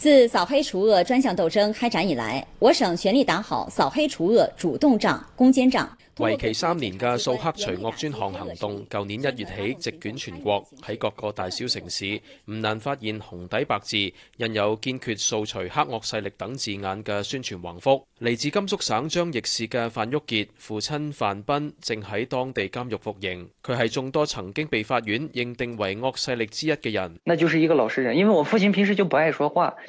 自掃黑除惡專項鬥爭開展以來，我省全力打好掃黑除惡主動仗、攻堅仗。為期三年嘅掃黑除惡專項行動，舊年一月起席捲全國，喺各個大小城市，唔難發現紅底白字印有“堅決掃除黑惡勢力”等字眼嘅宣傳橫幅。嚟自甘肅省張掖市嘅范玉傑，父親范斌正喺當地監獄服刑，佢係眾多曾經被法院認定為惡勢力之一嘅人。那就是一個老實人，因為我父親平時就不愛說話，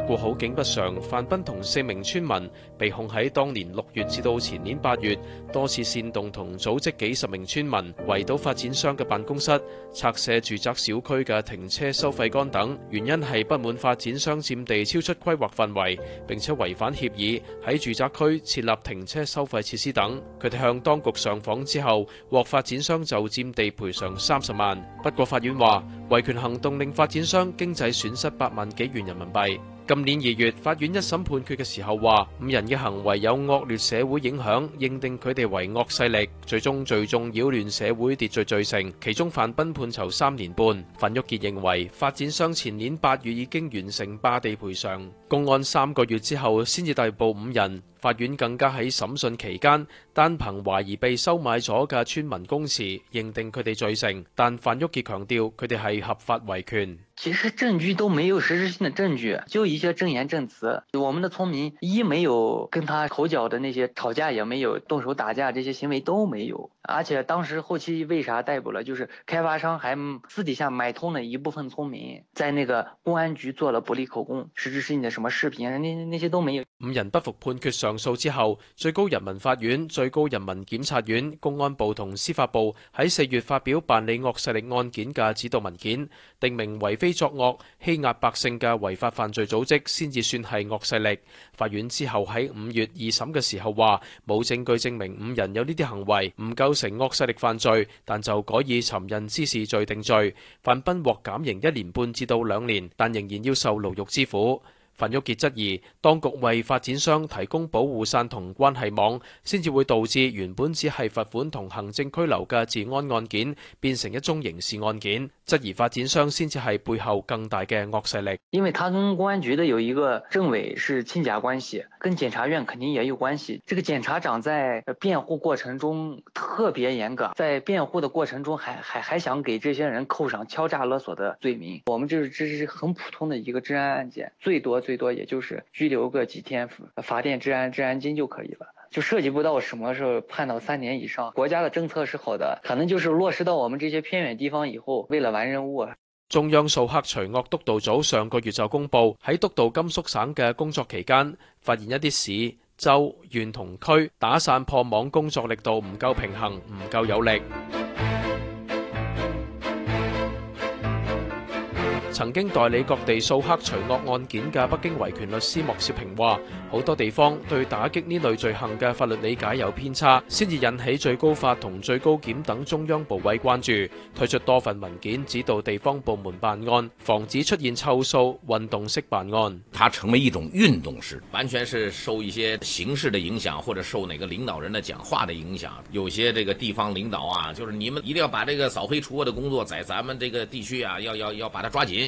不過好景不常，范斌同四名村民被控喺當年六月至到前年八月多次煽動同組織幾十名村民圍堵發展商嘅辦公室，拆卸住宅小區嘅停車收費桿等。原因係不滿發展商佔地超出規劃範圍，並且違反協議喺住宅區設立停車收費設施等。佢哋向當局上訪之後，獲發展商就佔地賠償三十萬。不過法院話，維權行動令發展商經濟損失八萬幾元人民幣。今年二月，法院一審判決嘅時候話，五人嘅行為有惡劣社會影響，認定佢哋為惡勢力，最終最終擾亂社會秩序罪成。其中，范斌判囚三年半。馮玉杰認為發展商前年八月已經完成霸地賠償，公安三個月之後先至逮捕五人。法院更加喺審訊期間，單憑懷疑被收買咗嘅村民公示認定佢哋罪成。但范旭杰強調，佢哋係合法維權。其實證據都沒有實質性的證據，就一些證言、證詞。我們的村民一沒有跟他口角的那些吵架，也沒有動手打架，這些行為都沒有。而且當時後期為啥逮捕了？就是開發商還私底下買通了一部分村民，在那個公安局做了不利口供。實質性的什麼視頻？那那些都沒有。五人不服判決上。上訴之後，最高人民法院、最高人民檢察院、公安部同司法部喺四月發表辦理惡勢力案件嘅指導文件，定名「為非作惡、欺壓百姓嘅違法犯罪組織先至算係惡勢力。法院之後喺五月二審嘅時候話，冇證據證明五人有呢啲行為，唔構成惡勢力犯罪，但就改以尋釁滋事罪定罪。范斌獲減刑一年半至到兩年，但仍然要受牢獄之苦。范玉傑質疑當局，為發展商提供保護傘同關係網，先至會導致原本只係罰款同行政拘留嘅治安案件變成一宗刑事案件。質疑發展商先至係背後更大嘅惡勢力。因為他跟公安局的有一個政委是親家關係，跟檢察院肯定也有關係。這個檢察長在辯護過程中特別嚴格，在辯護的過程中還還還想給這些人扣上敲詐勒索的罪名。我們就是這是很普通的一個治安案件，最多。最多也就是拘留個幾天，罰點治安治安金就可以了，就涉及不到什麼時候判到三年以上。國家的政策是好的，可能就是落實到我們這些偏遠地方以後，為了完任務啊。中央掃黑除惡督導組上個月就公布，喺督導甘肅省嘅工作期間，發現一啲市、州、縣同區打散破網工作力度唔夠平衡，唔夠有力。曾經代理各地掃黑除惡案件嘅北京維權律師莫少平話，好多地方對打擊呢類罪行嘅法律理解有偏差，先至引起最高法同最高檢等中央部委關注，推出多份文件指導地方部門辦案，防止出現湊數運動式辦案。它成為一種運動式，完全是受一些形式的影響，或者受哪個領導人的講話的影響。有些這個地方領導啊，就是你們一定要把這個掃黑除惡的工作在咱們這個地區啊，要要要把它抓緊。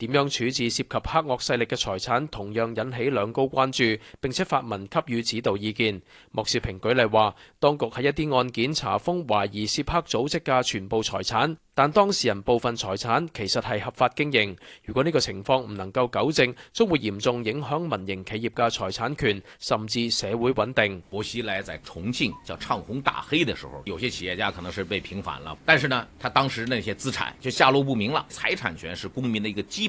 點樣處置涉及黑惡勢力嘅財產，同樣引起兩高關注，並且發文給予指導意見。莫少平舉例話：當局喺一啲案件查封懷疑涉黑組織嘅全部財產，但當事人部分財產其實係合法經營。如果呢個情況唔能夠糾正，將會嚴重影響民營企業嘅財產權，甚至社會穩定。薄熙來在重慶叫唱紅打黑的時候，有些企業家可能是被平反了，但是呢，他當時那些資產就下落不明了，財產權是公民嘅一個基